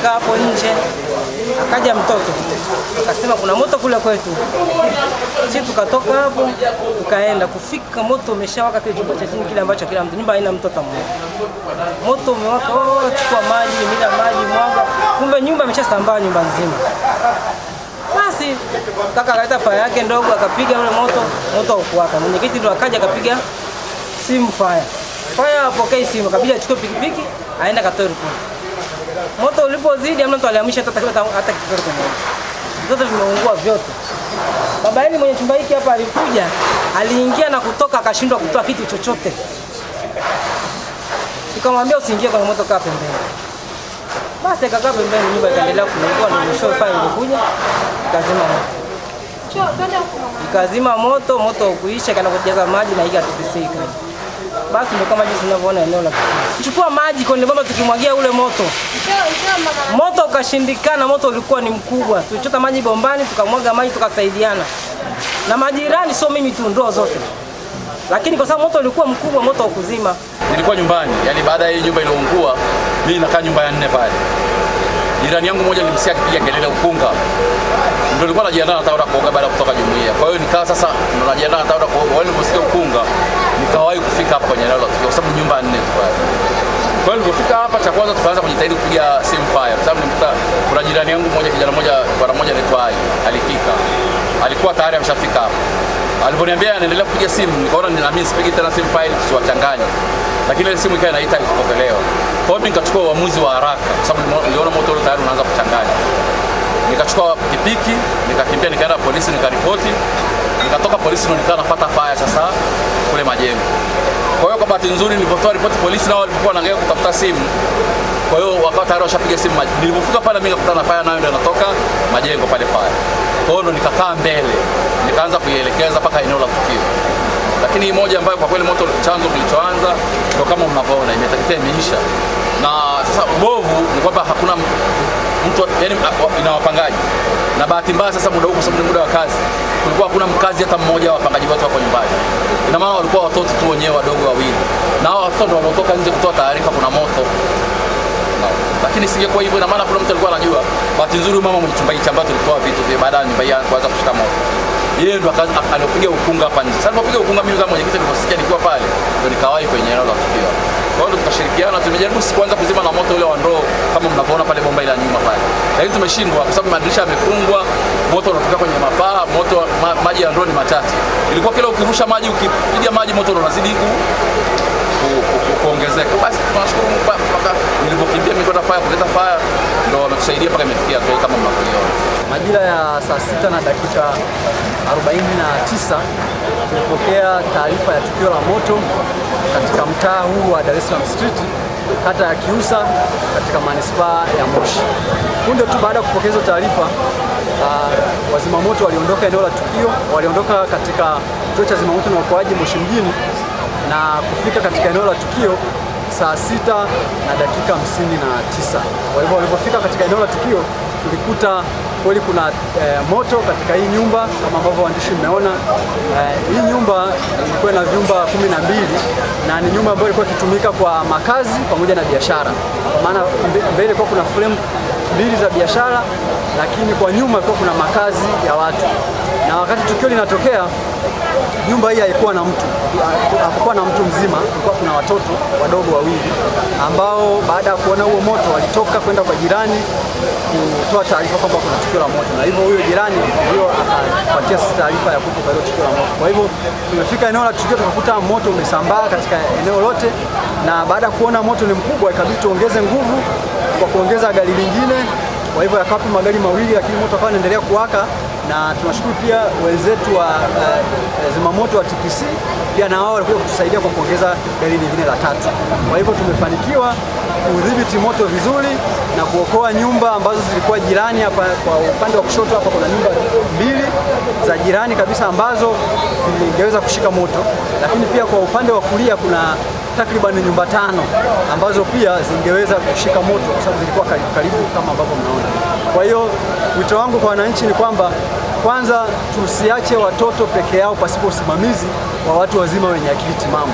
tumekaa hapo nje, akaja mtoto akasema kuna moto kule kwetu. Sisi tukatoka hapo tukaenda, kufika moto umeshawaka kile chumba cha chini kile ambacho kila mtu nyumba haina mtoto mmoja, moto umewaka. Oh, chukua maji, mila maji, mwaga. Kumbe nyumba imeshasambaa nyumba nzima. Basi kaka akaleta faya yake ndogo akapiga ule moto, moto ukuwaka. Mwenyekiti ndo akaja akapiga simu faya, faya apokee simu, kabidi achukue pikipiki aenda katoe ripoti Moto ulipozidi amna mtu aliamisha hata hata kitoto kimoja. Zote vimeungua vyote. Baba yenu mwenye chumba hiki hapa alikuja, aliingia na kutoka akashindwa kutoa kitu chochote. Nikamwambia usiingie kwenye moto, kaa pembeni. Basi akakaa pembeni, nyumba ikaendelea kuungua na mwisho fire ilikuja ikazima moto. Ikazima moto, moto ukuisha, kana kujaza maji na hiki atukisika basi ndio kama jinsi unavyoona eneo la chukua maji kwenye bomba, tukimwagia ule moto, moto ukashindikana, moto ulikuwa ni mkubwa. Tulichota maji bombani, tukamwaga maji, tukasaidiana na majirani, sio mimi tu, ndoo zote lakini kwa sababu moto ulikuwa mkubwa, moto wa kuzima. Nilikuwa nyumbani, yani baada ya hii nyumba iliungua, mimi nakaa nyumba ya nne pale jirani yangu mmoja nilimsikia akipiga kelele Ukunga, ndio nilikuwa najiandaa na TAWLA kuoga baada ya kutoka jumuiya. Kwa hiyo nikawa sasa najiandaa na TAWLA kuoga, wale niliposikia Ukunga nikawahi kufika hapa kwenye eneo la tukio, kwa sababu nyumba nne tu pale. Kwa hiyo nilipofika hapa, cha kwanza tukaanza kujitahidi kupiga simu fire, kwa sababu nilikuta kuna jirani yangu mmoja, kijana mmoja, bwana mmoja anaitwa Ali, alifika alikuwa tayari ameshafika hapa. Aliponiambia anaendelea kupiga simu, nikaona na sipigi tena simu fire, siwachanganye lakini ile simu ikawa inaita kupokelewa. Kwa hiyo nikachukua uamuzi wa haraka, kwa sababu niliona moto ule tayari unaanza kuchanganya. Nikachukua pikipiki nikakimbia, nikaenda polisi, nikaripoti. Nikatoka polisi, ndo nikawa nafuata faya sasa kule Majengo. Kwa hiyo kwa bahati nzuri, nilipotoa ripoti polisi, nao walikuwa wanaangalia kutafuta simu kwa hiyo wakawa tayari washapiga simu. Nilipofika pale, mimi nikakutana na faya, nayo ndio natoka majengo pale faya. Kwa hiyo ndo nikakaa mbele, nikaanza kuielekeza mpaka eneo la tukio lakini hii moja ambayo kwa kweli moto chanzo kilichoanza ndio kama mnavyoona imeteketea, imeisha. Na sasa ubovu ni kwamba hakuna mtu yani, ina wapangaji na bahati mbaya sasa muda huu sababu ni muda wa kazi, kulikuwa hakuna mkazi hata mmoja wa wapangaji wote wako nyumbani. Ina maana walikuwa watoto tu wenyewe wadogo wawili, na hao watoto ndio nje kutoa taarifa kuna moto no. Lakini singekuwa hivyo, ina maana kuna mtu alikuwa anajua. Bahati nzuri mama mwenye chumba hichi ambacho tulitoa vitu vya baadaye, nyumba hii kuanza kushika moto yeye ndo alipiga ukunga hapa nje. Sasa alipopiga ukunga, mimi kama mwenyekiti nilisikia, nilikuwa pale ndo nikawahi kwenye eneo la tukio. Kwa hiyo tukashirikiana, tumejaribu siku kwanza kuzima na moto ule wa ndoo kama mnavyoona pale bomba ile nyuma pale, lakini tumeshindwa kwa sababu madirisha yamefungwa, moto unatoka kwenye mapaa, moto ma, maji ya ndoo ni matatu. Ilikuwa kila ukirusha maji, ukipiga maji, moto unazidi ku kuongezeka. Basi tunashukuru mpaka nilipokimbia mimi kwenda fire kuleta fire ndio wametusaidia mpaka imefikia hatua kama mnavyoiona. Majira ya saa sita na dakika 49 tulipokea taarifa ya tukio la moto katika mtaa huu wa Dar es Salaam Street kata ya Kiusa katika manispaa ya Moshi. Punde tu baada ya kupokea hizo taarifa, uh, wazimamoto waliondoka eneo la tukio, waliondoka katika kituo cha zimamoto na uokoaji Moshi mjini na kufika katika eneo la tukio saa sita na dakika hamsini na tisa. Kwa hivyo walipofika katika eneo la tukio tulikuta kweli kuna e, moto katika hii nyumba kama ambavyo waandishi mmeona. E, hii nyumba ilikuwa na vyumba kumi na mbili na ni nyumba ambayo ilikuwa ikitumika kwa makazi pamoja na biashara, kwa maana mbele kwa kuna frame mbili za biashara, lakini kwa nyuma ilikuwa kuna makazi ya watu, na wakati tukio linatokea nyumba hii haikuwa na mtu, hakukuwa na mtu mzima, kulikuwa kuna watoto wadogo wawili ambao baada ya kuona huo moto walitoka kwenda kwa jirani kutoa taarifa kwamba kuna tukio la moto, na hivyo huyo jirani ndio akapatia sisi taarifa ya kuwepo kwa tukio la moto. Kwa hivyo tumefika eneo la tukio, tukakuta moto umesambaa katika eneo lote, na baada ya kuona moto ni mkubwa, ikabidi tuongeze nguvu kwa kuongeza gari lingine kwa hivyo yakapo magari mawili, lakini moto akawa anaendelea kuwaka, na tunashukuru pia wenzetu wa uh, zimamoto wa TPC pia na wao walikuja kutusaidia kwa kuongeza gari lingine la tatu. Kwa hivyo tumefanikiwa kudhibiti moto vizuri na kuokoa nyumba ambazo zilikuwa jirani. Hapa kwa upande wa kushoto hapa kuna nyumba mbili za jirani kabisa ambazo zingeweza kushika moto, lakini pia kwa upande wa kulia kuna takriban nyumba tano ambazo pia zingeweza kushika moto kwa sababu zilikuwa karibu kama ambavyo kwa hiyo wito wangu kwa wananchi ni kwamba kwanza tusiache watoto peke yao pasipo usimamizi wa watu wazima wenye akili timamu.